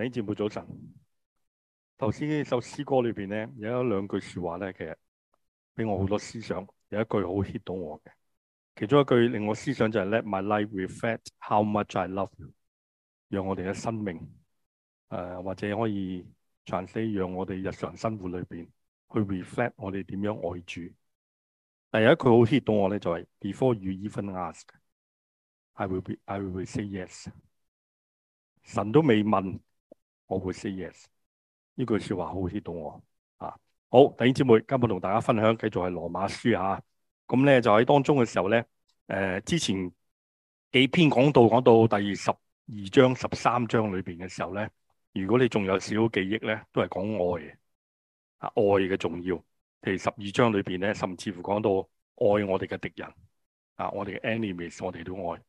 你住每早晨，頭先首詩，詩歌裏邊咧有一兩句說話咧，其實俾我好多思想。有一句好 hit 到我嘅，其中一句令我思想就係、是、Let my life reflect how much I love you。讓我哋嘅生命誒、呃，或者可以詮釋，讓我哋日常生活裏邊去 reflect 我哋點樣愛主。但有一句好 hit 到我咧，就係、是、Before you even ask，I will be，I will say yes。神都未問。我會 say yes，呢句說話好 hit 到我啊！好弟兄姐妹，今日同大家分享，繼續係羅馬書啊。咁、嗯、咧、嗯嗯、就喺當中嘅時候咧，誒、呃，之前幾篇講到講到第二十二章、十三章裏邊嘅時候咧，如果你仲有少記憶咧，都係講愛嘅，啊，愛嘅重要。譬如十二章裏邊咧，甚至乎講到愛我哋嘅敵人，啊，我哋嘅 enemies，我哋都愛。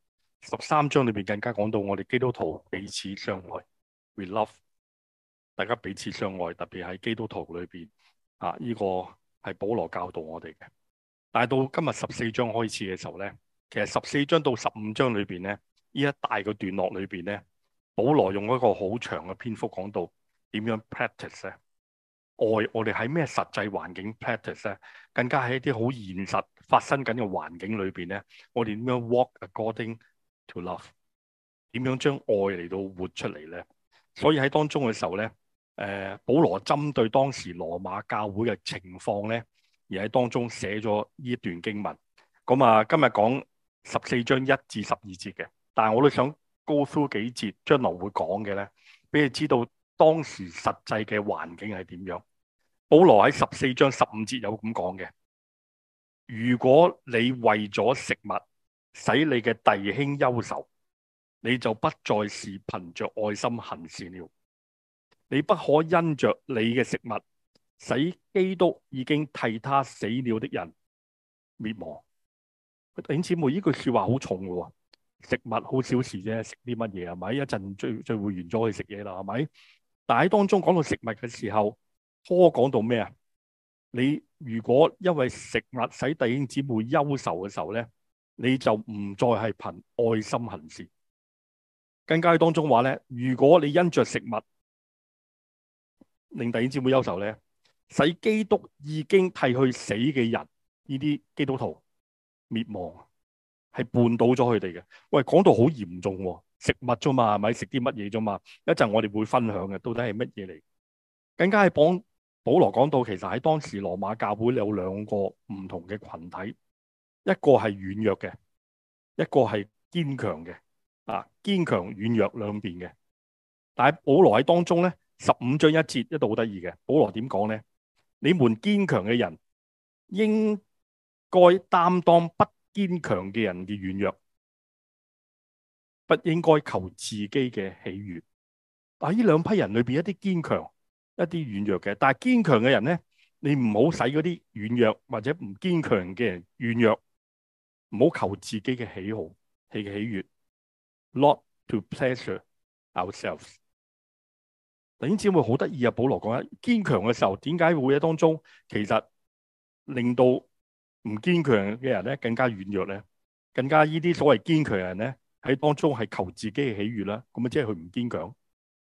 十三章裏邊更加講到我哋基督徒彼此相愛，we love。大家彼此相愛，特別喺基督徒裏邊啊，呢個係保羅教導我哋嘅。但係到今日十四章開始嘅時候咧，其實十四章到十五章裏邊咧，呢一大個段落裏邊咧，保羅用一個好長嘅篇幅講到點樣 practice 咧愛，我哋喺咩實際環境 practice 咧，更加喺一啲好現實發生緊嘅環境裏邊咧，我哋點樣 walk according to love，點樣將愛嚟到活出嚟咧？所以喺當中嘅時候咧。誒、呃，保羅針對當時羅馬教會嘅情況咧，而喺當中寫咗呢一段經文。咁啊，今日講十四章一至十二節嘅，但係我都想 go through 幾節，將來會講嘅咧，俾你知道當時實際嘅環境係點樣。保羅喺十四章十五節有咁講嘅：如果你為咗食物，使你嘅弟兄憂愁，你就不再是憑着愛心行事了。你不可因着你嘅食物，使基督已經替他死了的人滅亡。弟兄姊妹，呢句說話好重噶喎，食物好小事啫，食啲乜嘢係咪？一陣聚聚會完咗去食嘢啦係咪？但喺當中講到食物嘅時候，拖講到咩啊？你如果因為食物使弟兄姊妹憂愁嘅時候咧，你就唔再係憑愛心行事。更加當中話咧，如果你因着食物，令弟兄姊妹憂愁咧，使基督已經替佢死嘅人，呢啲基督徒滅亡，係絆倒咗佢哋嘅。喂，講到好嚴重啊，食物咋嘛？係咪食啲乜嘢咋嘛？一陣我哋會分享嘅，到底係乜嘢嚟？更加係保保羅講到，其實喺當時羅馬教會有兩個唔同嘅群體，一個係軟弱嘅，一個係堅強嘅，啊，堅強軟弱兩邊嘅。但係保羅喺當中咧。十五章一節一度好得意嘅，保羅點講咧？你們堅強嘅人應該擔當不堅強嘅人嘅軟弱，不應該求自己嘅喜悅。啊！呢兩批人裏邊一啲堅強，一啲軟弱嘅，但係堅強嘅人咧，你唔好使嗰啲軟弱或者唔堅強嘅人軟弱，唔好求自己嘅喜好、喜嘅喜悅，not to pleasure ourselves。弟兄姊妹好得意啊！保羅講緊，堅強嘅時候點解會喺當中，其實令到唔堅強嘅人咧更加軟弱咧，更加呢啲所謂堅強嘅人咧喺當中係求自己嘅喜悅啦。咁啊，即係佢唔堅強，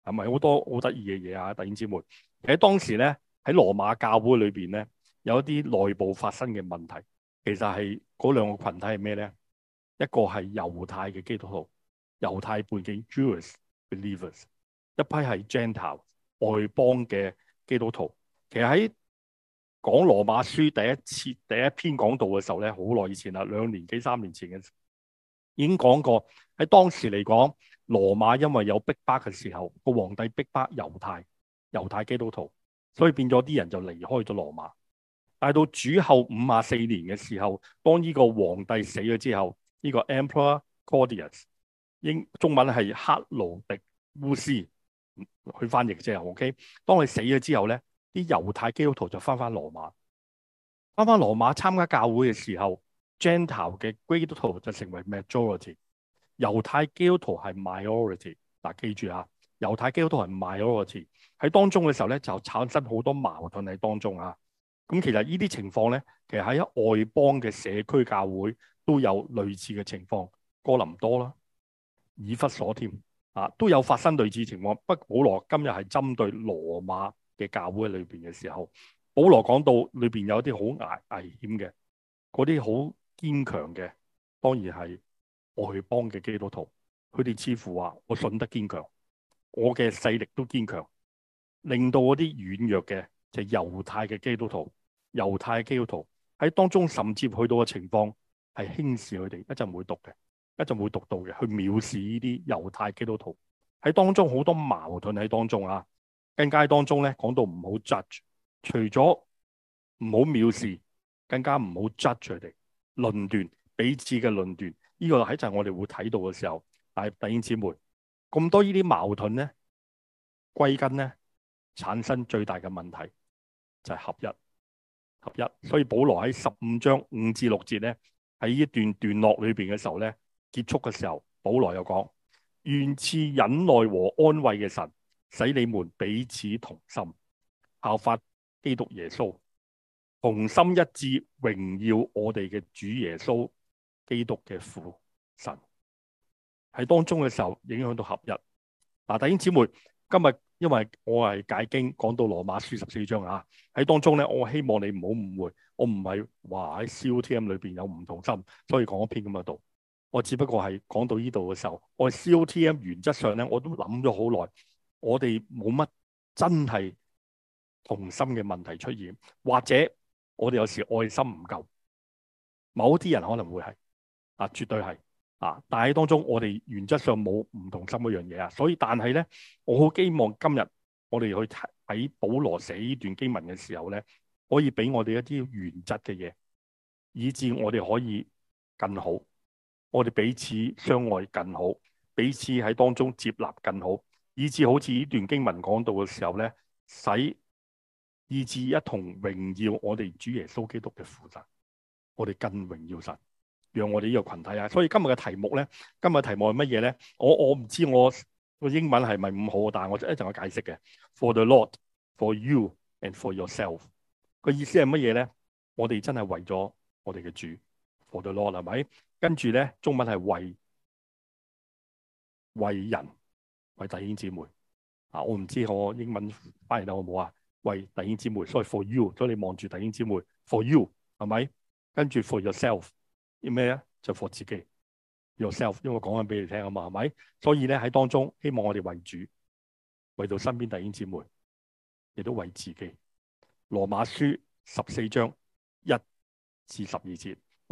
係咪好多好得意嘅嘢啊？弟兄姊妹喺當時咧喺羅馬教會裏邊咧有一啲內部發生嘅問題，其實係嗰兩個群體係咩咧？一個係猶太嘅基督徒，猶太背景 Jewish believers。一批係 Gentile 外邦嘅基督徒，其實喺講羅馬書第一次第一篇講道嘅時候咧，好耐以前啦，兩年幾三年前嘅已經講過。喺當時嚟講，羅馬因為有逼迫嘅時候，個皇帝逼迫猶太、猶太基督徒，所以變咗啲人就離開咗羅馬。但係到主後五十四年嘅時候，當呢個皇帝死咗之後，呢、這個 Emperor Claudius 英中文係克勞迪烏斯。去翻譯即係，OK。當你死咗之後咧，啲猶太基督徒就翻翻羅馬，翻翻羅馬參加教會嘅時候，gentile 嘅基督徒就成為 majority，猶太基督徒係 minority。嗱，記住啊，猶太基督徒係 minority 喺當中嘅時候咧，就產生好多矛盾喺當中啊。咁其實呢啲情況咧，其實喺外邦嘅社區教會都有類似嘅情況。哥林多啦，以弗所添。啊，都有發生類似情況。不過保羅今日係針對羅馬嘅教會裏邊嘅時候，保羅講到裏邊有啲好危危險嘅，嗰啲好堅強嘅，當然係外邦嘅基督徒，佢哋似乎話我信得堅強，我嘅勢力都堅強，令到嗰啲軟弱嘅就係、猶太嘅基督徒，猶太基督徒喺當中甚至去到嘅情況係輕視佢哋，一陣唔會讀嘅。一陣會讀到嘅，去藐視呢啲猶太基督徒，喺當中好多矛盾喺當中啊。更加當中咧講到唔好 judge，除咗唔好藐視，更加唔好 judge 佢哋論斷、彼此嘅論斷。呢、這個就係我哋會睇到嘅時候，但弟兄姊妹，咁多呢啲矛盾咧，歸根咧產生最大嘅問題就係、是、合一、合一。所以保羅喺十五章五至六節咧，喺呢一段段落裏邊嘅時候咧。結束嘅時候，保羅又講：願賜忍耐和安慰嘅神，使你們彼此同心，效法基督耶穌，同心一致榮耀我哋嘅主耶穌基督嘅父神。喺當中嘅時候，影響到合一。嗱，弟兄姊妹，今日因為我係解經，講到羅馬書十四章啊，喺當中咧，我希望你唔好誤會，我唔係話喺 COTM 裏邊有唔同心，所以講一篇咁嘅道。我只不過係講到呢度嘅時候，我 COTM 原則上咧，我都諗咗好耐。我哋冇乜真係同心嘅問題出現，或者我哋有時愛心唔夠，某啲人可能會係啊，絕對係啊。但係當中我哋原則上冇唔同心嗰樣嘢啊。所以但係咧，我好希望今日我哋去睇保羅寫呢段經文嘅時候咧，可以俾我哋一啲原則嘅嘢，以至我哋可以更好。我哋彼此相愛更好，彼此喺當中接納更好，以至好似呢段經文講到嘅時候咧，使以至一同榮耀我哋主耶穌基督嘅負責，我哋更榮耀神，讓我哋呢個群體啊！所以今日嘅題目咧，今日嘅題目係乜嘢咧？我我唔知我個英文係咪唔好，但係我一陣我解釋嘅。For the Lord, for you and for yourself，個意思係乜嘢咧？我哋真係為咗我哋嘅主。For the Lord 係咪？跟住咧，中文係為為人為弟兄姊妹啊！我唔知我英文翻譯得好唔好啊？為弟兄姊妹，所以 for you，所以你望住弟兄姊妹，for you 係咪？跟住 for yourself 啲咩啊？就是 for 自己 yourself，因為我講緊俾你聽啊嘛，係咪？所以咧喺當中，希望我哋為主，為到身邊弟兄姊妹，亦都為自己。羅馬書十四章一至十二節。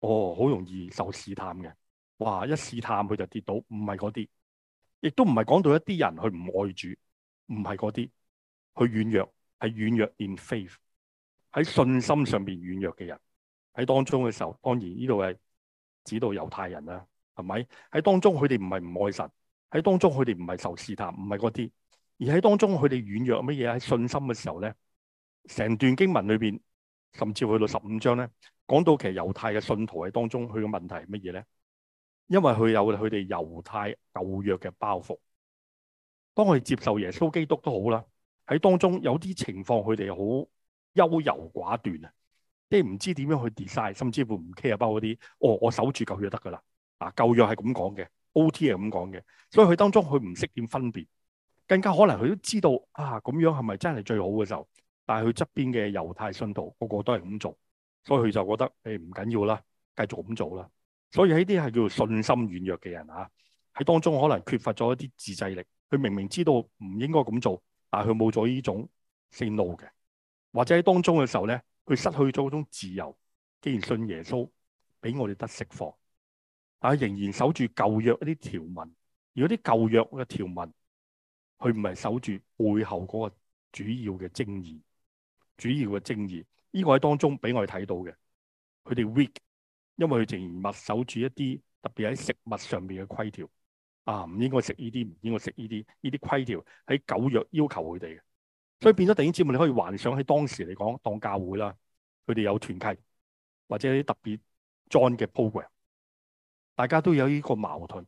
哦，好容易受試探嘅，哇！一試探佢就跌倒，唔係嗰啲，亦都唔係講到一啲人佢唔愛主，唔係嗰啲，佢軟弱係軟弱 In faith，喺信心上邊軟弱嘅人喺當中嘅時候，當然呢度係指到猶太人啦，係咪？喺當中佢哋唔係唔愛神，喺當中佢哋唔係受試探，唔係嗰啲，而喺當中佢哋軟弱乜嘢？喺信心嘅時候咧，成段經文裏邊，甚至去到十五章咧。講到其實猶太嘅信徒喺當中，佢嘅問題係乜嘢咧？因為佢有佢哋猶太舊約嘅包袱，當佢接受耶穌基督都好啦，喺當中有啲情況佢哋好優柔寡斷啊，即係唔知點樣去 design，甚至乎唔 care 包嗰啲。哦，我守住舊約得噶啦，啊，舊約係咁講嘅，OT 係咁講嘅，所以佢當中佢唔識點分別，更加可能佢都知道啊，咁樣係咪真係最好嘅時候。但係佢側邊嘅猶太信徒個個都係咁做。所以佢就覺得誒唔、哎、緊要啦，繼續咁做啦。所以呢啲係叫做信心軟弱嘅人啊，喺當中可能缺乏咗一啲自制力。佢明明知道唔應該咁做，但係佢冇咗呢種性 i 嘅，或者喺當中嘅時候咧，佢失去咗嗰種自由。既然信耶穌，俾我哋得釋放，但係仍然守住舊約一啲條文。而果啲舊約嘅條文，佢唔係守住背後嗰個主要嘅正義，主要嘅正義呢個喺當中俾我哋睇到嘅，佢哋 weak，因為佢仍然墨守住一啲特別喺食物上邊嘅規條，啊唔應該食呢啲，唔應該食呢啲，呢啲規條喺舊約要求佢哋嘅，所以變咗第二節目你可以幻想，喺當時嚟講，當教會啦，佢哋有團契或者啲特別 join 嘅 program，大家都有呢個矛盾，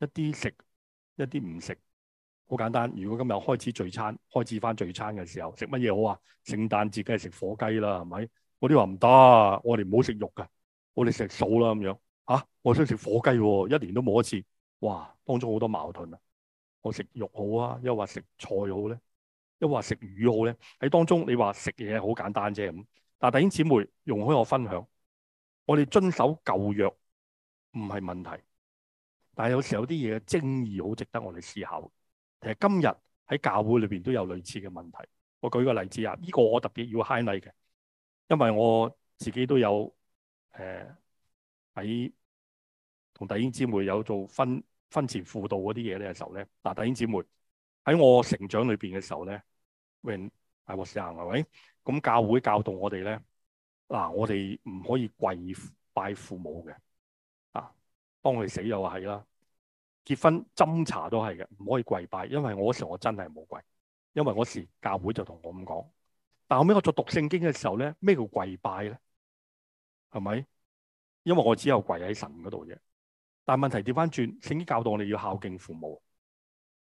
一啲食一啲唔食。好簡單，如果今日開始聚餐，開始翻，聚餐嘅時候，食乜嘢好啊？聖誕節梗係食火雞啦，係咪？嗰啲話唔得，我哋唔好食肉噶，我哋食素啦咁樣。吓、啊，我想食火雞、啊，一年都冇一次。哇，當中好多矛盾啊！我食肉好啊，又話食菜好咧，又話食魚好咧。喺當中你話食嘢好簡單啫咁，但係弟兄姊妹容許我分享，我哋遵守舊約唔係問題，但係有時候有啲嘢精義好值得我哋思考。其實今日喺教會裏邊都有類似嘅問題。我舉個例子啊，呢個我特別要 highlight 嘅，因為我自己都有誒喺同弟兄姊妹有做婚婚前輔導嗰啲嘢咧嘅時候咧，嗱，弟兄姊妹喺我成長裏邊嘅時候咧，when I was young 啊，係咪？咁教會教導我哋咧，嗱、啊、我哋唔可以跪拜父母嘅啊，當佢死又係啦。結婚斟茶都係嘅，唔可以跪拜。因為我嗰時我真係冇跪，因為我時教會就同我咁講。但後尾我做讀聖經嘅時候咧，咩叫跪拜咧？係咪？因為我只有跪喺神嗰度啫。但問題調翻轉，聖經教導我哋要孝敬父母。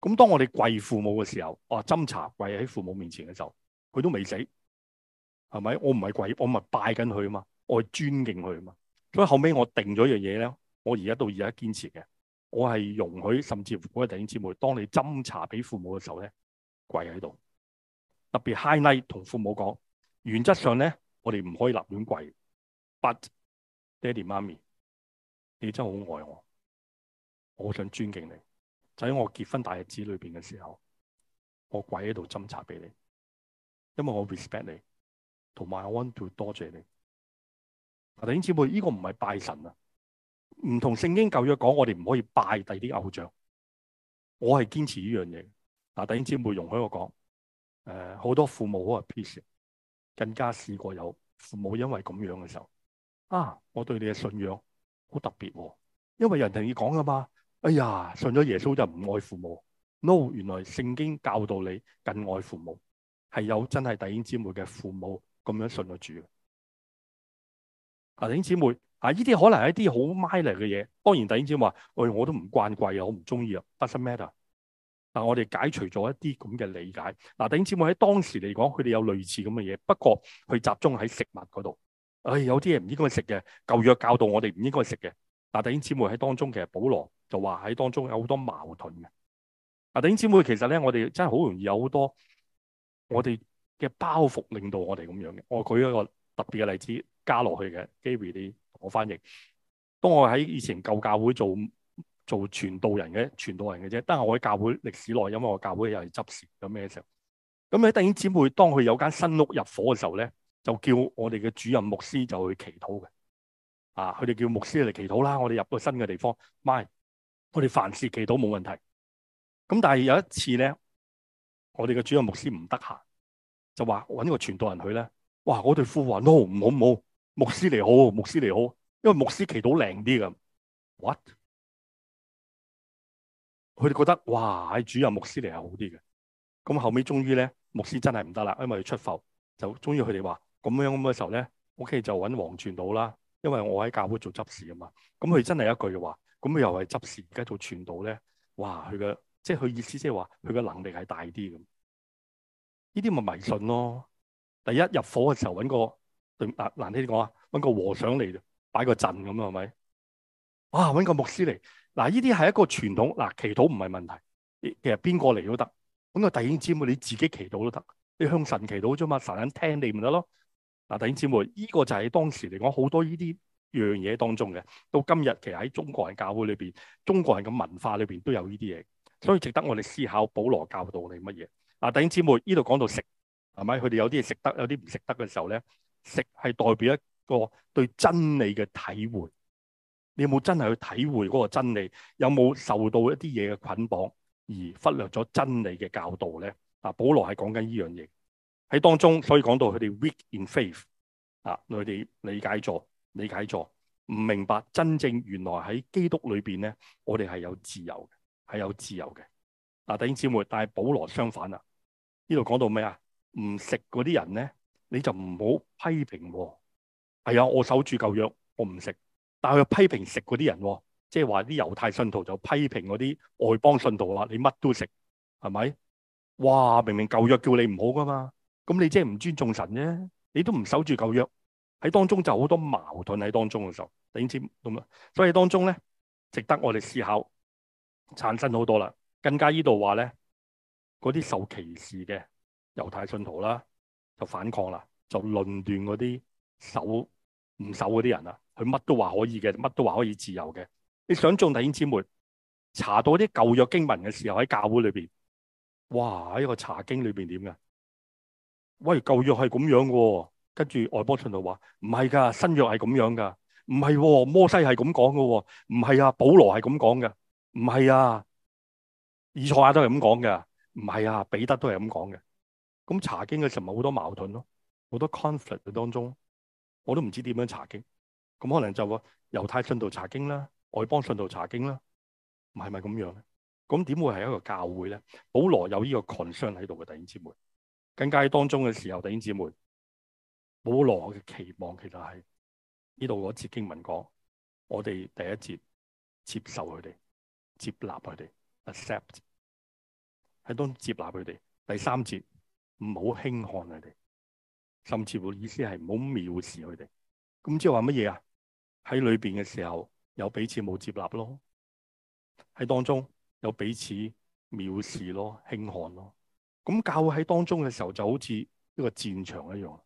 咁當我哋跪父母嘅時候，我、啊、斟茶跪喺父母面前嘅時候，佢都未死，係咪？我唔係跪，我咪拜緊佢啊嘛，我係尊敬佢啊嘛。所以後尾我定咗一樣嘢咧，我而家到而家堅持嘅。我係容許，甚至乎我哋弟兄姊妹，當你斟茶俾父母嘅時候咧，跪喺度。特別 high l i h t 同父母講，原則上咧，我哋唔可以立亂跪。But daddy m 咪，你真係好愛我，我想尊敬你。就喺我結婚大日子裏面嘅時候，我跪喺度斟茶俾你，因為我 respect 你，同埋 I want to o 你。弟兄姊妹，呢、這個唔係拜神啊！唔同聖經舊約講，我哋唔可以拜第啲偶像。我係堅持呢樣嘢。啊，弟兄姊妹容許我講，誒、呃、好多父母好 appreciate，更加試過有父母因為咁樣嘅時候，啊，我對你嘅信仰好特別、哦，因為人哋要講啊嘛。哎呀，信咗耶穌就唔愛父母。No，原來聖經教導你更愛父母，係有真係弟兄姊妹嘅父母咁樣信咗主嘅。啊，弟兄姊妹。嗱，依啲可能係一啲好 minor 嘅嘢。當然，弟兄姊妹話，喂、哎，我都唔慣貴啊，我唔中意啊。發生咩啊？但我哋解除咗一啲咁嘅理解。嗱、哎，弟兄姊妹喺當時嚟講，佢哋有類似咁嘅嘢，不過佢集中喺食物嗰度。唉，有啲嘢唔應該食嘅，舊約教導我哋唔應該食嘅。嗱，弟兄姊妹喺當中其實保羅就話喺當中有好多矛盾嘅。嗱，弟兄姊妹其實咧，我哋真係好容易有好多我哋嘅包袱，令到我哋咁樣嘅。我舉一個特別嘅例子加落去嘅 Gary 啲。Gary，你我翻譯，當我喺以前舊教會做做傳道人嘅，傳道人嘅啫。但係我喺教會歷史內，因為我教會又係執事咁咩時候，咁咧弟兄姊妹，當佢有間新屋入伙嘅時候咧，就叫我哋嘅主任牧師就去祈禱嘅。啊，佢哋叫牧師嚟祈禱啦，我哋入個新嘅地方咪，y 我哋凡事祈禱冇問題。咁但係有一次咧，我哋嘅主任牧師唔得閒，就話搵個傳道人去咧，哇，嗰對夫話都好唔好唔好。唔好牧師嚟好，牧師嚟好，因為牧師祈禱靚啲㗎 what？佢哋覺得哇，主任牧師嚟係好啲嘅。咁後尾終於咧，牧師真係唔得啦，因為佢出埠。就終於佢哋話咁樣咁嘅時候咧，OK 就搵王傳道啦。因為我喺教會做執事啊嘛，咁佢真係一句話，咁又係執事而家做傳道咧，哇，佢嘅即係佢意思即係話佢嘅能力係大啲咁。呢啲咪迷信咯？第一入伙嘅時候揾個。對嗱，難聽啲講啊，揾個和尚嚟擺個陣咁啊，係咪？啊，揾個牧師嚟嗱，呢啲係一個傳統。嗱，祈禱唔係問題，其實邊個嚟都得。揾個弟兄姊妹，你自己祈禱都得，你向神祈禱啫嘛，神聽你咪得咯。嗱，弟兄姊妹，呢個就係當時嚟講好多呢啲樣嘢當中嘅。到今日其實喺中國人教會裏邊，中國人嘅文化裏邊都有呢啲嘢，所以值得我哋思考保羅教導你乜嘢。嗱，弟兄姊妹，呢度講到食係咪？佢哋有啲嘢食得，有啲唔食得嘅時候咧。食係代表一個對真理嘅體會，你有冇真係去體會嗰個真理？有冇受到一啲嘢嘅捆綁而忽略咗真理嘅教導咧？啊，保羅係講緊呢樣嘢喺當中，所以講到佢哋 weak in faith 啊，佢哋理解咗，理解咗，唔明白真正原來喺基督裏邊咧，我哋係有自由嘅、嘅，係有自由嘅。啊，弟兄姊妹，但係保羅相反啦，這裏呢度講到咩啊？唔食嗰啲人咧，你就唔好批評喎，係、哎、啊，我守住舊約，我唔食，但係佢批評食嗰啲人，即係話啲猶太信徒就批評嗰啲外邦信徒話：你乜都食，係咪？哇！明明舊約叫你唔好㗎嘛，咁你即係唔尊重神啫，你都唔守住舊約，喺當中就好多矛盾喺當中嘅時候，你知，咁啊？所以當中咧，值得我哋思考，產生好多啦。更加依度話咧，嗰啲受歧視嘅猶太信徒啦。就反抗啦，就論斷嗰啲守唔守嗰啲人啦。佢乜都話可以嘅，乜都話可以自由嘅。你想眾弟兄姊妹查到啲舊約經文嘅時候喺教會裏面，哇！呢個查經裏邊點嘅？喂，舊約係咁樣嘅、啊，跟住外邦信徒話唔係㗎，新約係咁樣㗎，唔係摩西係咁講嘅，唔係啊，保羅係咁講嘅，唔係啊，以賽亞都係咁講嘅，唔係啊，彼得都係咁講嘅。咁查經嘅時候咪好多矛盾咯，好多 conflict 嘅當中，我都唔知點樣查經。咁可能就話猶太信徒查經啦，外邦信徒查經啦，唔係咪咁樣咧？咁點會係一個教會咧？保羅有呢個 concern 喺度嘅弟兄姊妹，更加當中嘅時候，弟兄姊妹，保羅嘅期望其實係呢度嗰節經文講，我哋第一節接受佢哋，接納佢哋，accept，喺度接納佢哋，第三節。唔好輕看佢哋，甚至乎意思係唔好藐視佢哋。咁即係話乜嘢啊？喺裏邊嘅時候有彼此冇接納咯，喺當中有彼此藐視咯、輕看咯。咁教會喺當中嘅時候就好似一個戰場一樣。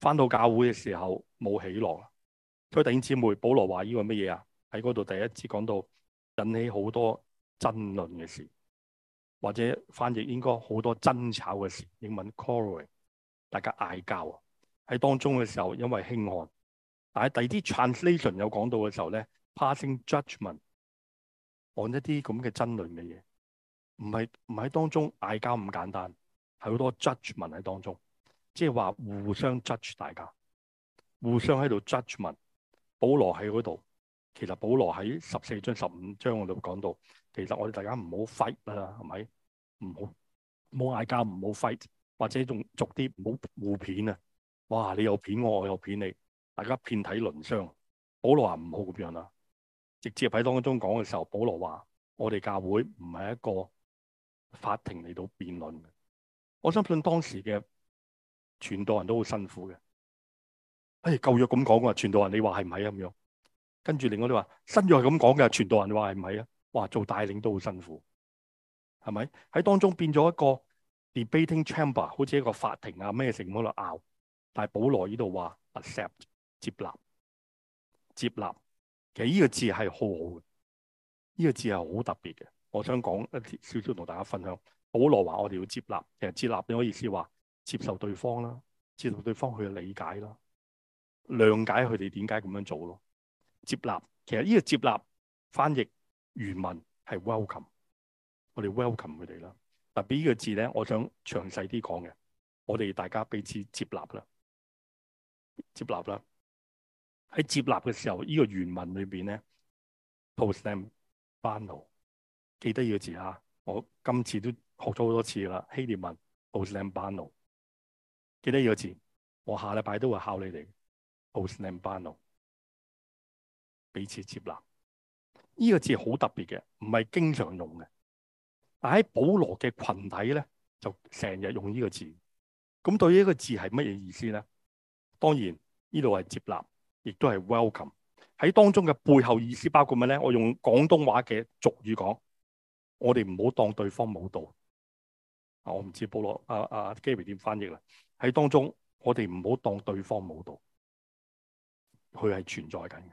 翻到教會嘅時候冇起落啦。所以弟兄姊妹，保羅話呢個乜嘢啊？喺嗰度第一次講到引起好多爭論嘅事。或者翻譯應該好多爭吵嘅事，英文 quarrel 大家嗌交啊！喺當中嘅時，時候，因為輕案，但係第二啲 translation 有講到嘅時候咧，passing judgment 按一啲咁嘅爭論嘅嘢，唔係唔係當中嗌交咁簡單，係好多 judgment 喺當中，即係話互相 judge 大家，互相喺度 judgment，保羅喺嗰度，其實保羅喺十四章、十五章嗰度講到，其實我哋大家唔好 fight 啦，係咪？唔好，冇嗌交，唔好 fight，或者仲俗啲，唔好互片啊！哇，你有片我，我有片你，大家遍體鱗傷。保羅話唔好咁樣啦。直接喺當中講嘅時候，保羅話：我哋教會唔係一個法庭嚟到辯論嘅。我相信當時嘅傳道人都好辛苦嘅。哎，舊約咁講啊，傳道人，你話係唔係啊？咁樣。跟住另外你話新約係咁講嘅，傳道人你話係唔係啊？話做帶領都好辛苦，係咪？喺當中變咗一個 debating chamber，好似一個法庭啊，咩成喺度拗。但係保羅呢度話 accept 接納，接納，其實呢個字係好好嘅，呢、呢個字係好特別嘅。我想講一少少同大家分享。保羅話我哋要接納，其實接納嘅意思話接受對方啦，接受對方佢嘅理解啦，諒解佢哋點解咁樣做咯。接納其實呢個接納翻譯原文係 welcome，我哋 welcome 佢哋啦。特別呢個字咧，我想詳細啲講嘅，我哋大家彼此接納啦，接納啦。喺接納嘅時候，呢個原文裏邊咧 proslambano，記得呢個字啊！我今次都學咗好多次啦。希臘文 proslambano，記得呢個字，我下禮拜都會考你哋 proslambano。彼此接納，呢個字好特別嘅，唔係經常用嘅，但喺保羅嘅群體咧，就成日用呢個字。咁對於呢個字係乜嘢意思咧？當然，呢度係接納，亦都係 welcome。喺當中嘅背後意思包括乜咧？我用廣東話嘅俗語講，我哋唔好當對方冇到。啊，我唔知保羅阿、阿 Gary 點翻譯啦。喺當中，我哋唔好當對方冇到，佢係存在緊嘅。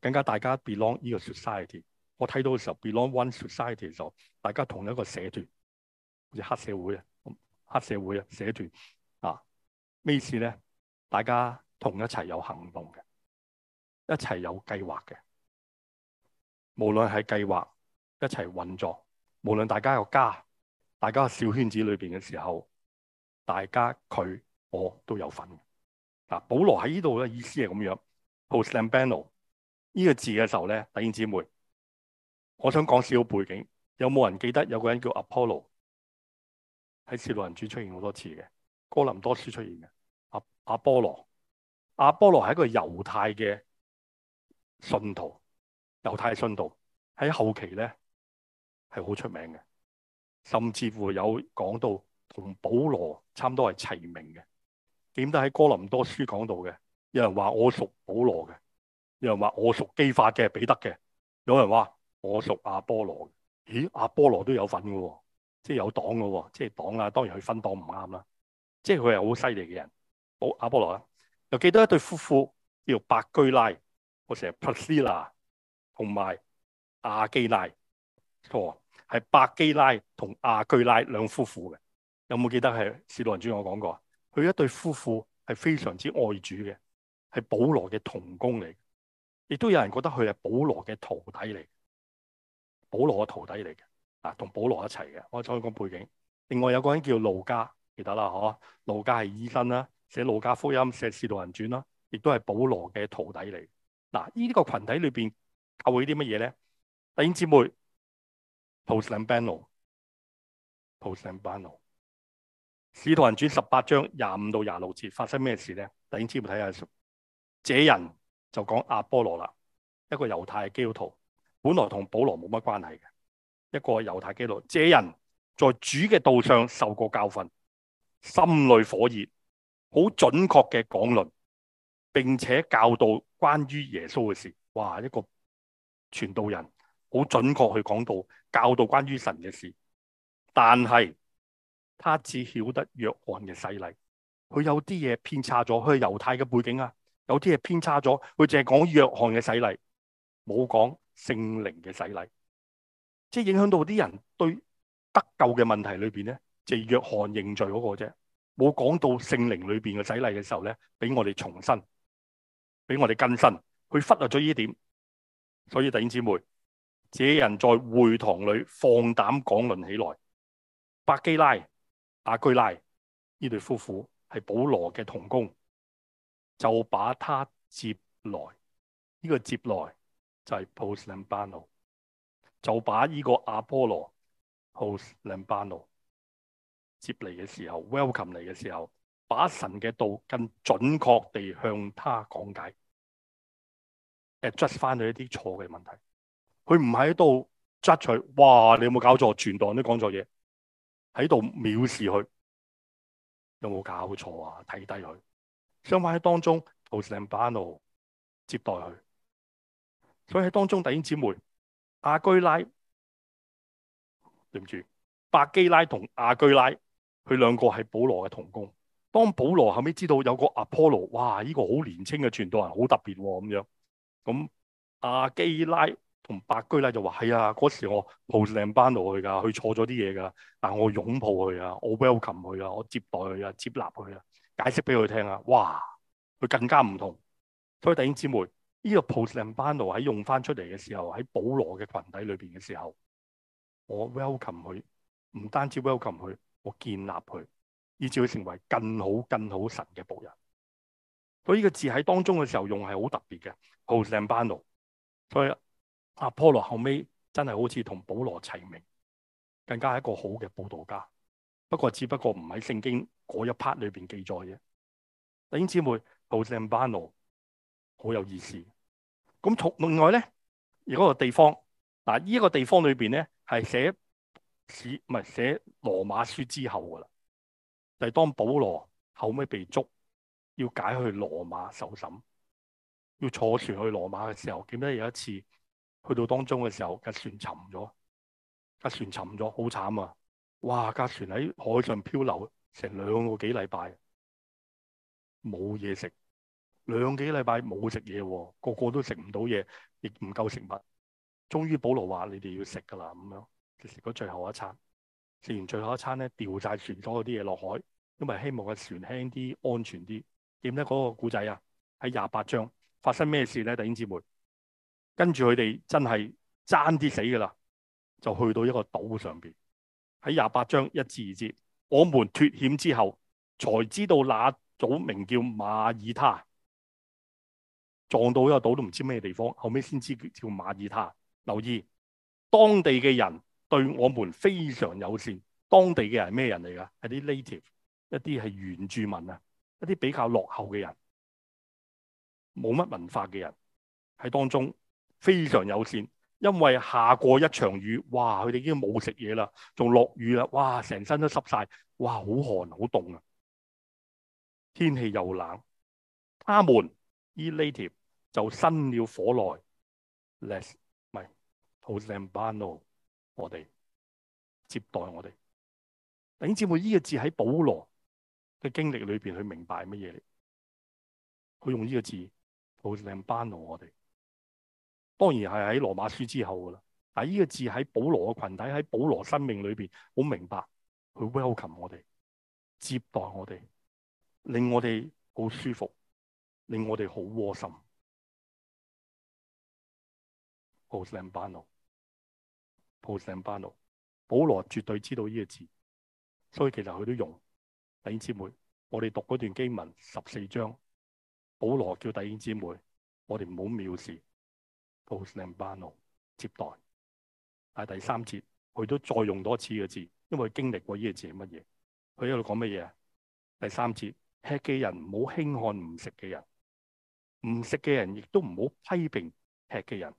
更加大家 belong 呢個 society，我睇到嘅時候 belong one society 就大家同一個社團，好似黑社會啊，黑社會啊社團啊，咩意思咧？大家同一齊有行動嘅，一齊有計劃嘅。無論係計劃一齊運作，無論大家有家，大家個小圈子裏面嘅時候，大家佢我都有份。啊，保羅喺呢度嘅意思係咁樣，postamble。Post 呢個字嘅時候咧，弟兄姊妹，我想講少少背景，有冇人記得有個人叫阿波羅喺《四老人傳》出現好多次嘅《哥林多書》出現嘅阿阿波羅，阿波羅係一個猶太嘅信徒，猶太信徒喺後期咧係好出名嘅，甚至乎有講到同保羅差唔多係齊名嘅，點都喺《哥林多書》講到嘅，有人話我屬保羅嘅。有人話我屬基法嘅彼得嘅，有人話我屬阿波羅。咦？阿波羅都有份嘅喎、哦，即係有黨嘅喎，即係黨啊！當然佢分黨唔啱啦，即係佢係好犀利嘅人。保、哦、阿波羅啦、啊，又記得一對夫婦叫百居拉，我成日普西拉同埋阿基拉，錯係百基拉同阿居拉兩夫婦嘅。有冇記得係《使徒行傳》我講過啊？佢一對夫婦係非常之愛主嘅，係保羅嘅同工嚟。亦都有人覺得佢係保羅嘅徒弟嚟，保羅嘅徒弟嚟嘅，啊，同保羅一齊嘅。我再講背景，另外有個人叫路加，記得啦，嗬，路加係醫生啦，寫路加福音，寫使徒行傳啦，亦都係保羅嘅徒弟嚟。嗱，呢個群體裏邊教會啲乜嘢咧？弟兄姊妹 Paul and Barnabas，Paul and Barnabas，使徒行傳十八章廿五到廿六節發生咩事咧？弟兄姊妹睇下，這人。就講阿波羅啦，一個猶太基督徒，本來同保羅冇乜關係嘅，一個猶太基督徒，這人在主嘅道上受過教訓，心裏火熱，好準確嘅講論，並且教導關於耶穌嘅事。哇，一個傳道人好準確去講到教導關於神嘅事，但係他只曉得約翰嘅洗禮，佢有啲嘢偏差咗，佢係猶太嘅背景啊。有啲係偏差咗，佢淨係講約翰嘅洗禮，冇講聖靈嘅洗禮，即係影響到啲人對得救嘅問題裏邊咧，就是，約翰認罪嗰個啫，冇講到聖靈裏邊嘅洗禮嘅時候咧，俾我哋重生，俾我哋更新，佢忽略咗呢一點，所以弟兄姊妹，這人在會堂裏放膽講論起來，百基拉、阿居拉呢對夫婦係保羅嘅同工。就把他接來，呢、這個接來就係 proslambano 就把呢個阿波羅 proslambano 接嚟嘅時候，welcome 嚟嘅時候，把神嘅道更準確地向他講解 address 翻咗一啲錯嘅問題。佢唔喺度 judge 佢，哇！你有冇搞錯？傳道人都講錯嘢，喺度藐視佢，有冇搞錯啊？睇低佢。相反喺當中，豪士林班路接待佢，所以喺當中弟兄姊妹，阿居拉，對唔住，百基拉同阿居拉，佢兩個係保羅嘅同工。當保羅後尾知道有個阿波羅，哇！呢、這個好年輕嘅傳道人，好特別咁、啊、樣。咁阿基拉同百基拉就話：係、哎、啊，嗰時我豪士林班路去㗎，佢錯咗啲嘢㗎。但我擁抱佢啊，我 welcome 佢啊，我接待佢啊，接納佢啊。解釋俾佢聽啊！哇，佢更加唔同。所以弟兄姊妹，呢、這個 proslambano 喺用翻出嚟嘅時候，喺保羅嘅群體裏邊嘅時候，我 welcome 佢，唔單止 welcome 佢，我建立佢，以致佢成為更好、更好神嘅僕人。所以呢個字喺當中嘅時候用係好特別嘅 proslambano。所以阿波羅後尾真係好似同保羅齊名，更加係一個好嘅佈道家。不過只不過唔喺聖經嗰一 part 裏邊記載嘅，弟兄姊妹，好聖班羅，好有意思。咁從另外咧，而嗰個地方，嗱、這、呢個地方裏邊咧係寫史，唔係寫羅馬書之後噶啦。但、就、係、是、當保羅後尾被捉，要解去羅馬受審，要坐船去羅馬嘅時候，記得有一次去到當中嘅時候，架船沉咗，架船沉咗，好慘啊！哇！架船喺海上漂流成兩個幾禮拜，冇嘢食，兩幾禮拜冇食嘢喎，個個都食唔到嘢，亦唔夠食物。終於，保羅話：你哋要食噶啦，咁樣食食咗最後一餐。食完最後一餐咧，掉晒船所有嗰啲嘢落海，因為希望架船輕啲、安全啲。點咧？嗰個故仔啊，喺廿八章發生咩事咧？弟兄姊妹，跟住佢哋真係爭啲死噶啦，就去到一個島上邊。喺廿八章一至二節，我們脫險之後，才知道那島名叫馬耳他，撞到一個島都唔知咩地方，後尾先知道叫馬耳他。留意當地嘅人對我們非常友善，當地嘅人咩人嚟㗎？係啲 native，一啲係原住民啊，一啲比較落後嘅人，冇乜文化嘅人喺當中，非常友善。因為下過一場雨，哇！佢哋已經冇食嘢啦，仲落雨啦，哇！成身都濕晒，哇！好寒，好凍啊！天氣又冷，他們 elated 就生了火來，less 唔係，proslambano，我哋接待我哋。弟兄姊妹，呢、這個字喺保羅嘅經歷裏邊去明白乜嘢嚟？佢用呢個字 proslambano，我哋。當然係喺羅馬書之後噶啦，但係呢個字喺保羅嘅群體喺保羅生命裏邊好明白，佢 welcome 我哋，接待我哋，令我哋好舒服，令我哋好窩心。好聖班奴，好聖班奴，保羅絕對知道呢個字，所以其實佢都用。弟兄姐妹，我哋讀嗰段經文十四章，保羅叫弟兄姐妹，我哋唔好藐視。proslambano 接待，但係第三節，佢都再用多次嘅字，因為經歷過呢個字係乜嘢？佢喺度講乜嘢啊？第三節，吃嘅人唔好輕看唔食嘅人，唔食嘅人亦都唔好批評吃嘅人，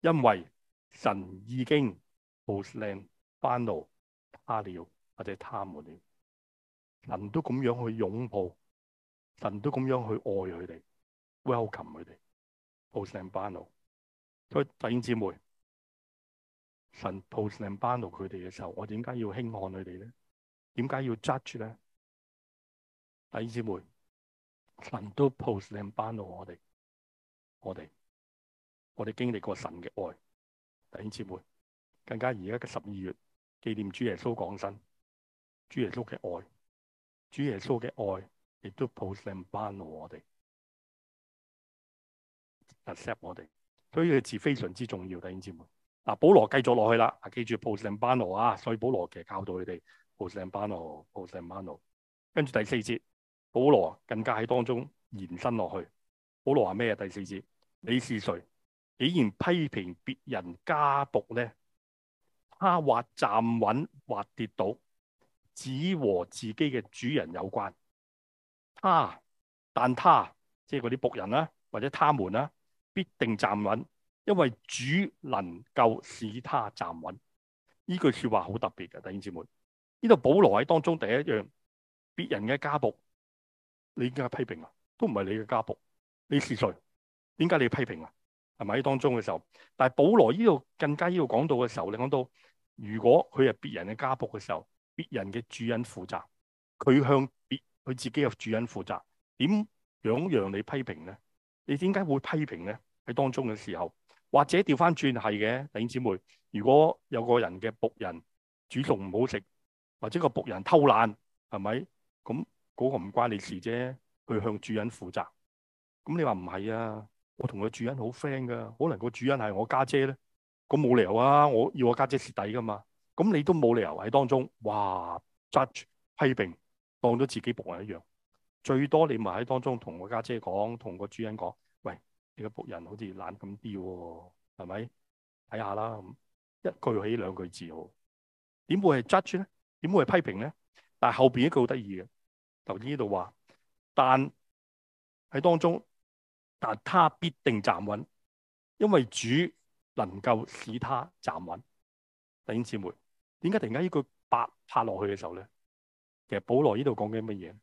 因為神已經 proslambano 他了或者他們了，神都咁樣去擁抱，神都咁樣去愛佢哋，welcome 佢哋，proslambano。佢弟兄姊妹，神 Poslambano 佢哋嘅時候，我點解要輕看佢哋咧？點解要 judge 咧？弟兄姊妹，神都 Poslambano 我哋，我哋，我哋經歷過神嘅愛。弟兄姊妹，更加而家嘅十二月，紀念主耶穌降生，主耶穌嘅愛，主耶穌嘅愛亦都 Poslambano 我哋，accept 我哋。所以呢個字非常之重要，弟兄姊妹啊，保羅繼續落去啦，啊記住 post banner、啊、所以保羅其實教導你哋 post banner post banner 跟住第四節，保羅更加喺當中延伸落去，保羅話咩啊，第四節，你是誰竟然批評別人家僕呢？他或站穩或跌倒只和自己嘅主人有關啊，但他即係嗰啲僕人啦、啊、或者他們啦、啊必定站穩，因為主能夠使他站穩。呢句說話好特別嘅，弟兄姊妹，呢度保羅喺當中第一樣，別人嘅家僕，你點解批評啊？都唔係你嘅家僕，你是誰？點解你要批評啊？係咪？喺當中嘅時候，但係保羅呢度更加呢度講到嘅時候，你講到如果佢係別人嘅家僕嘅時候，別人嘅主人負責，佢向別佢自己嘅主人負責，點樣讓你批評咧？你點解會批評咧？喺當中嘅時候，或者調翻轉係嘅，弟兄姊妹，如果有個人嘅僕人煮餸唔好食，或者個僕人偷懶，係咪？咁嗰個唔關你事啫，去向主人負責。咁你話唔係啊？我同個主人好 friend 噶，可能個主人係我家姐咧，咁冇理由啊！我要我家姐蝕底噶嘛，咁你都冇理由喺當中哇，揸住批評，當咗自己僕人一樣。最多你咪喺當中同我家姐講，同個主人講，喂，你個僕人好似懶咁啲喎，係咪？睇下啦，一句起兩句字好，點會係 judge 咧？點會係批評咧？但後邊一句好得意嘅，頭先呢度話，但喺當中，但他必定站穩，因為主能夠使他站穩。弟兄姊妹，點解突然間呢句八拍落去嘅時候咧？其實保羅呢度講緊乜嘢？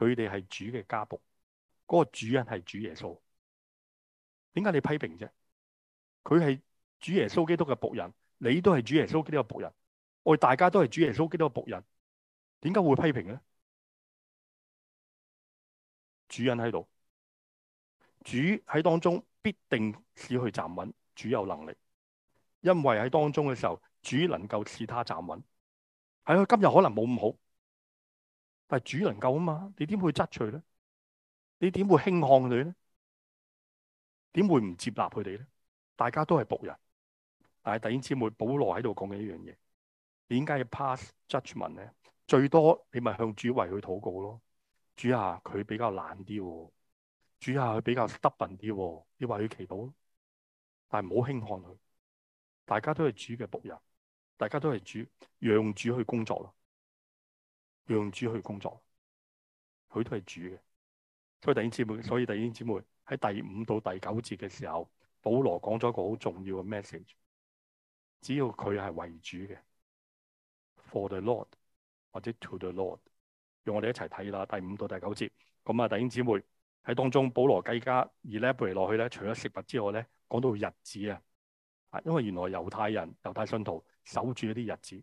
佢哋係主嘅家僕，嗰個主人係主耶穌。點解你批評啫？佢係主耶穌基督嘅僕人，你都係主耶穌基督嘅僕人，我哋大家都係主耶穌基督嘅僕人。點解會批評咧？主人喺度，主喺當中必定使去站穩。主有能力，因為喺當中嘅時候，主能夠使他站穩。係啊，今日可能冇咁好。但係主能夠啊嘛，你點會質罪咧？你點會輕看佢咧？點會唔接納佢哋咧？大家都係僕人，但係弟兄姊妹，保羅喺度講緊一樣嘢，點解要 pass judgement 咧？最多你咪向主為佢禱告咯。主啊，佢比較懶啲喎，主啊，佢比較 stubborn 啲喎，你為佢祈禱，但係唔好輕看佢。大家都係主嘅僕人，大家都係主讓主去工作咯。讓主去工作，佢都係主嘅。所以弟兄姊妹，所以弟兄姊妹喺第五到第九節嘅時候，保羅講咗一個好重要嘅 message。只要佢係為主嘅，for the Lord 或者 to the Lord，用我哋一齊睇啦。第五到第九節，咁啊，弟兄姊妹喺當中，保羅繼加 elaborate 落去咧，除咗食物之外咧，講到日子啊，啊，因為原來猶太人、猶太信徒守住一啲日子。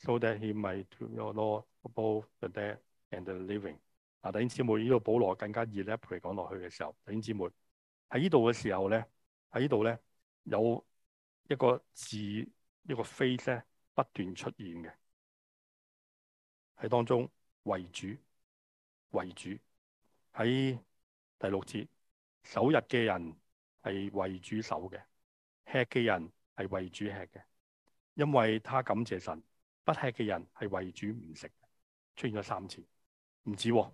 So that he might be Lord both the dead and the living。啊，弟兄姊妹，呢度保羅更加 elaborate 講落去嘅時候，弟兄姊妹喺呢度嘅時候咧，喺呢度咧有一個字，一個 phrase 咧不斷出現嘅喺當中為主為主喺第六節守日嘅人係為主守嘅，吃嘅人係為主吃嘅，因為他感謝神。不吃嘅人係為主唔食，出現咗三次，唔止、哦。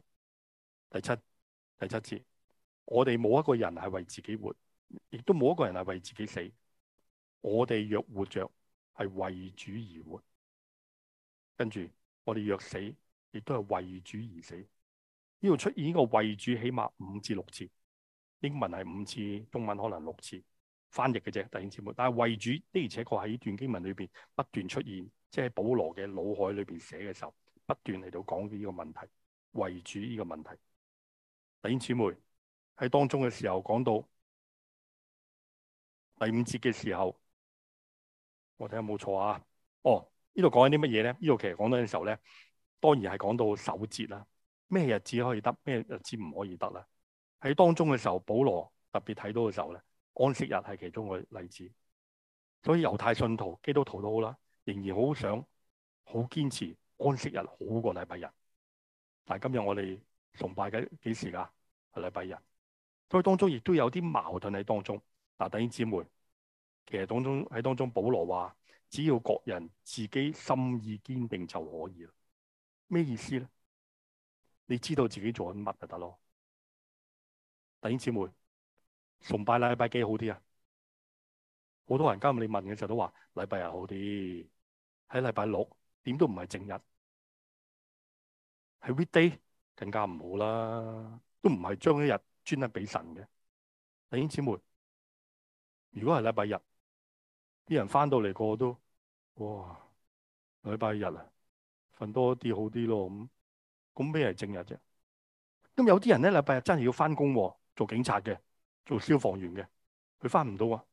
第七第七次，我哋冇一個人係為自己活，亦都冇一個人係為自己死。我哋若活着，係為主而活，跟住我哋若死亦都係為主而死。呢度出現呢個為主，起碼五至六次。英文係五次，中文可能六次，翻譯嘅啫。突然之目。但係為主的而且確喺呢段經文裏邊不斷出現。即係保羅嘅腦海裏邊寫嘅時候，不斷嚟到講呢個問題，圍住呢個問題。弟兄姊妹喺當中嘅時候，講到第五節嘅時候，我睇下冇錯啊。哦，這講的什麼？呢度講緊啲乜嘢咧？呢度其實講緊嘅時候咧，當然係講到守節啦。咩日子可以得，咩日子唔可以得啦。喺當中嘅時候，保羅特別睇到嘅時候咧，安息日係其中嘅例子。所以猶太信徒、基督徒都好啦。仍然好想好堅持安息日好過禮拜日，但今日我哋崇拜緊幾時噶？禮拜日，所以當中亦都有啲矛盾喺當中。嗱，弟兄姊妹，其實當中喺當中，保羅話只要各人自己心意堅定就可以啦。咩意思咧？你知道自己做緊乜就得咯。弟兄姊妹，崇拜禮拜幾好啲啊？好多人今日你問嘅時候都話禮拜日好啲。喺禮拜六點都唔係正日，係 weekday 更加唔好啦，都唔係將一日專登俾神嘅。弟兄姊妹，如果係禮拜日，啲人翻到嚟個個都，哇，禮拜日啊，瞓多啲好啲咯。咁咁咩係正日啫？咁有啲人咧，禮拜日真係要翻工喎，做警察嘅，做消防員嘅，佢翻唔到啊。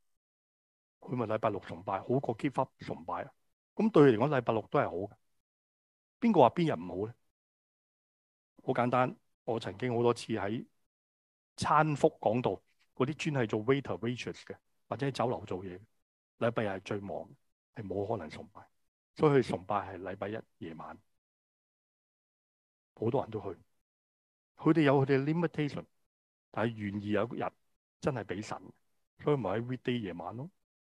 佢咪禮拜六崇拜好過 give up 崇拜啊？咁對佢嚟講，禮拜六都係好嘅。邊個話邊日唔好咧？好簡單，我曾經好多次喺餐福講到嗰啲專係做 waiter、waitress 嘅，或者喺酒樓做嘢，禮拜日係最忙，係冇可能崇拜，所以佢崇拜係禮拜一夜晚，好多人都去，佢哋有佢哋嘅 limitation，但係願意有一日真係俾神，所以咪喺 weekday 夜晚咯。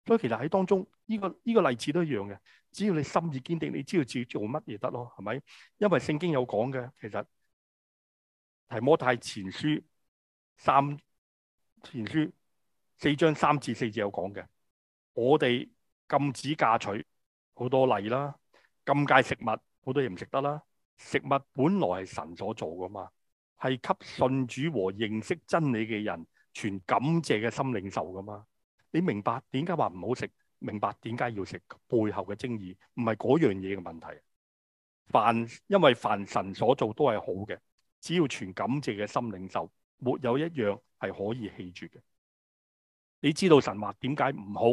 所以其實喺當中，呢個呢個例子都一樣嘅。只要你心意堅定，你知道自己做乜嘢得咯，係咪？因為聖經有講嘅，其實提摩太前書三前書四章三至四節有講嘅。我哋禁止嫁娶，好多例啦；禁戒食物，好多嘢唔食得啦。食物本來係神所做噶嘛，係給信主和認識真理嘅人全感謝嘅心領受噶嘛。你明白點解話唔好食？明白點解要食？背後嘅爭議唔係嗰樣嘢嘅問題。凡因為凡神所做都係好嘅，只要存感謝嘅心領受，沒有一樣係可以棄絕嘅。你知道神話點解唔好？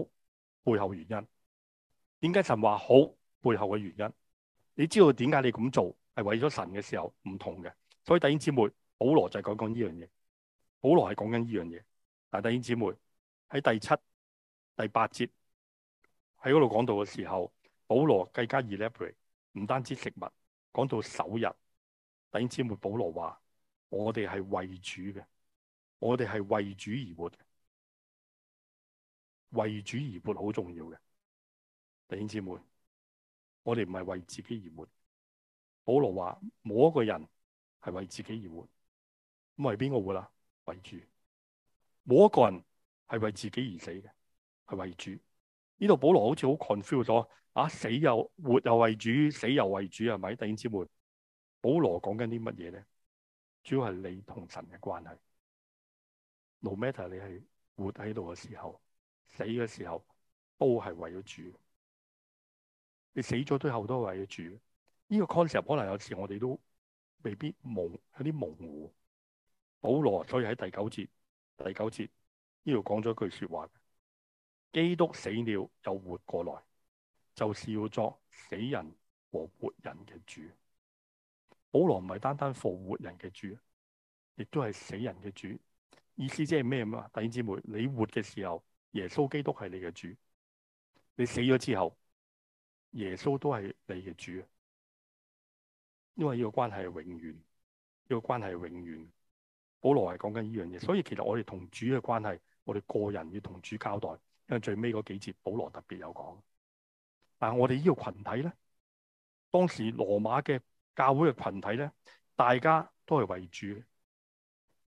背後原因點解神話好？背後嘅原因，你知道點解你咁做係為咗神嘅時候唔同嘅。所以弟兄姊妹，保羅就係講講呢樣嘢。保羅係講緊呢樣嘢。但弟兄姊妹喺第七。第八節喺嗰度講到嘅時候，保羅更加 elaborate 唔單止食物，講到首日，弟兄姊妹，保羅話我哋係為主嘅，我哋係為主而活，為主而活好重要嘅。弟兄姊妹，我哋唔係為自己而活。保羅話冇一個人係為自己而活，咁係邊個活啦？為主。冇一個人係為自己而死嘅。為主，呢度保羅好似好 confused 咗啊！死又活又為主，死又為主係咪？突然之間，保羅講緊啲乜嘢咧？主要係你同神嘅關係，no matter 你係活喺度嘅時候，死嘅時候都係為咗主。你死咗之後都係為咗主。呢個 concept 可能有時我哋都未必蒙有啲模糊。保羅所以喺第九節，第九節呢度講咗一句說話。基督死了又活過來，就是要作死人和活人嘅主。保羅唔係單單復活人嘅主，亦都係死人嘅主。意思即係咩嘛？弟兄姊妹，你活嘅時候，耶穌基督係你嘅主；你死咗之後，耶穌都係你嘅主。因為呢個關係係永遠，呢個關係係永遠。保羅係講緊呢樣嘢，所以其實我哋同主嘅關係，我哋個人要同主交代。最尾嗰幾節，保羅特別有講。但係我哋呢個群體咧，當時羅馬嘅教會嘅群體咧，大家都係為主嘅。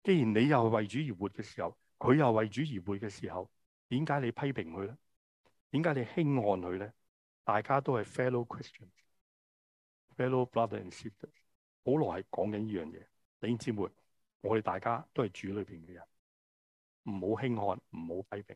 既然你又係為主而活嘅時候，佢又係為主而活嘅時候，點解你批評佢咧？點解你輕看佢咧？大家都係 fellow Christians、mm hmm. fellow Christians，fellow brothers and sisters 保。保羅係講緊呢樣嘢，弟兄姊妹，我哋大家都係主裏面嘅人，唔好輕看，唔好批評。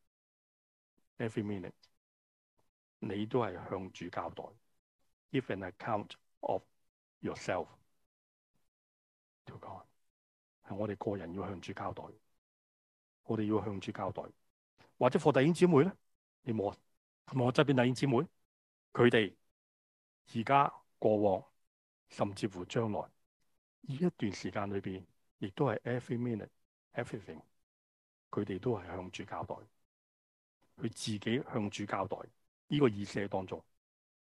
Every minute，你都係向主交代，give an account of yourself。條講係我哋個人要向主交代，我哋要向主交代。或者何大英姊妹咧，你望，望我側邊大英姊妹？佢哋而家過往，甚至乎將來呢一段時間裏面，亦 every 都係 every minute，everything，佢哋都係向主交代。佢自己向主交代，呢個意思喺當中，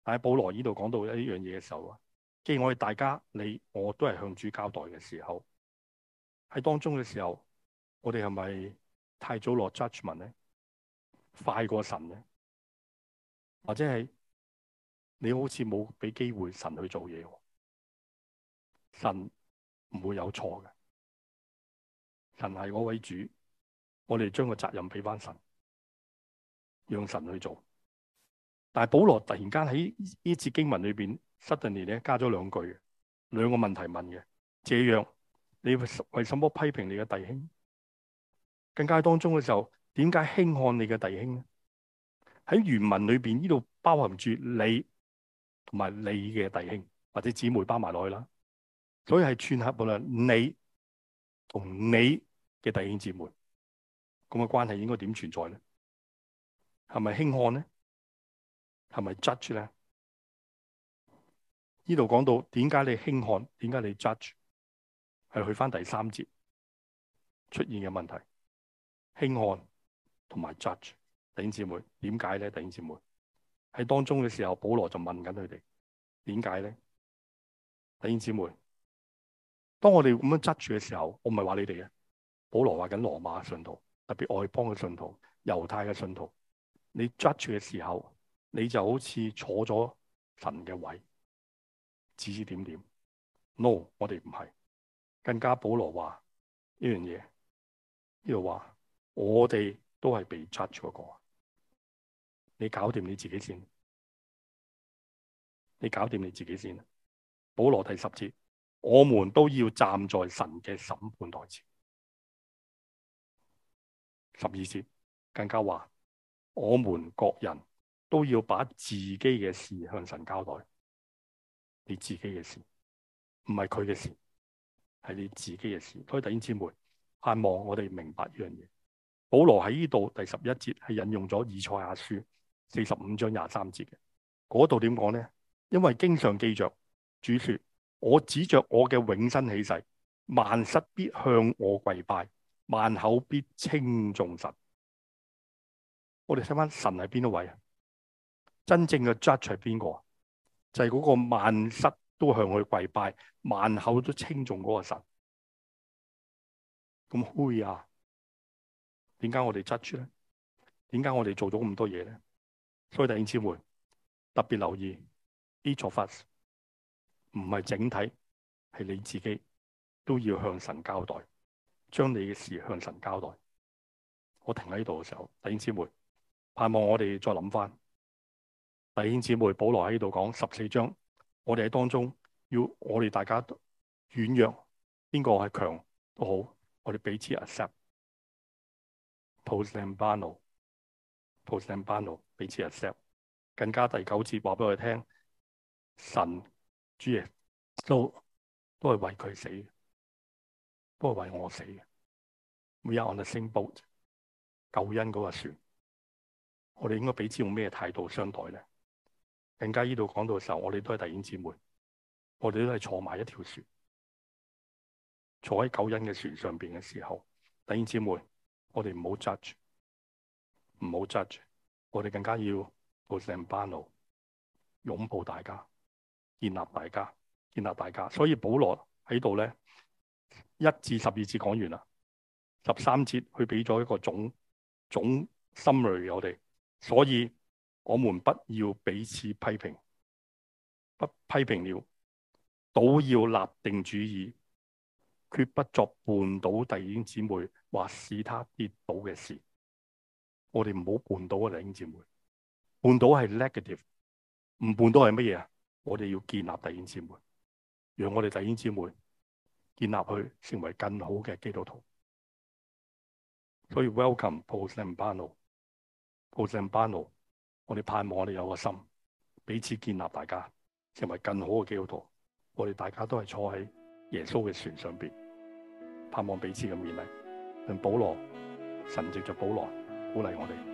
但喺保羅呢度講到一樣嘢嘅時候啊，既然我哋大家你我都係向主交代嘅時候，喺當中嘅時候，我哋係咪太早落 judgment 咧？快過神咧？或者係你好似冇俾機會神去做嘢喎？神唔會有錯嘅，神係嗰位主，我哋將個責任俾翻神。用神去做，但係保羅突然間喺呢節經文裏邊，Suddenly 咧，加咗兩句，兩個問題問嘅。這樣你為為什麼批評你嘅弟兄？更加當中嘅時候，點解輕看你嘅弟兄咧？喺原文裏邊呢度包含住你同埋你嘅弟兄或者姊妹包埋落去啦。所以係串合嘅啦，你同你嘅弟兄姊妹咁嘅關係應該點存在咧？係咪輕看咧？係咪 judge 咧？呢度講到點解你輕看，點解你 judge？係去翻第三節出現嘅問題，輕看同埋 judge，弟兄姊妹點解咧？弟兄姊妹喺當中嘅時候，保羅就問緊佢哋點解咧？弟兄姊妹，當我哋咁樣 judge 嘅時候，我唔係話你哋嘅，保羅話緊羅馬嘅信徒，特別外邦嘅信徒、猶太嘅信徒。你 judge 嘅時候，你就好似坐咗神嘅位，指指點點。No，我哋唔係。更加保羅話呢樣嘢，呢度話我哋都係被 judge 嗰個。你搞掂你自己先，你搞掂你自己先。保羅第十節，我們都要站在神嘅審判台前。十二節更加話。我們各人都要把自己嘅事向神交代，你自己嘅事，唔係佢嘅事，係你自己嘅事。各位弟兄姊妹，盼望我哋明白一樣嘢。保羅喺呢度第十一節係引用咗以賽亞書四十五章廿三節嘅，嗰度點講咧？因為經常記着，「主說：我指着我嘅永生起誓，萬失必向我跪拜，萬口必稱頌神。我哋睇翻神係邊一位啊？真正嘅 judge 係邊個？就係嗰個萬失都向佢跪拜，萬口都稱頌嗰個神。咁灰啊！點解我哋 judge 咧？點解我哋做咗咁多嘢咧？所以弟兄姊妹特別留意呢啲做法唔係整體，係你自己都要向神交代，將你嘅事向神交代。我停喺呢度嘅時候，弟兄姊妹。盼望我哋再諗翻弟兄姊妹，保羅喺呢度講十四章，我哋喺當中要我哋大家軟弱，邊個係強都好，我哋彼此 accept。Paul and b a n a b s p a u l and b a n a 彼此 accept。更加第九節話俾我哋聽，神主耶都都係為佢死嘅，不過為我死嘅。We are on the same boat，九恩嗰個船。我哋應該彼此用咩態度相待咧？更加依度講到嘅時候，我哋都係弟兄姊妹，我哋都係坐埋一條船，坐喺救恩嘅船上邊嘅時候，弟兄姊妹，我哋唔好 judge，唔好 judge，我哋更加要做成班路，擁抱大家，建立大家，建立大家。所以保羅喺度咧，一至十二節講完啦，十三節佢俾咗一個總總 summary 嘅我哋。所以，我們不要彼此批評，不批評了，倒要立定主意，決不作絆倒弟兄姊妹或使他跌倒嘅事。我哋唔好絆倒啊，弟兄姊妹！絆倒係 negative，唔絆倒係乜嘢啊？我哋要建立弟兄姊妹，讓我哋弟兄姊妹建立佢成為更好嘅基督徒。所以 welcome Paul a n b a n o 做上班路，我哋盼望我哋有個心，彼此建立大家，成為更好嘅基督徒。我哋大家都係坐喺耶穌嘅船上邊，盼望彼此嘅勉勵。令保羅，神藉着保羅鼓勵我哋。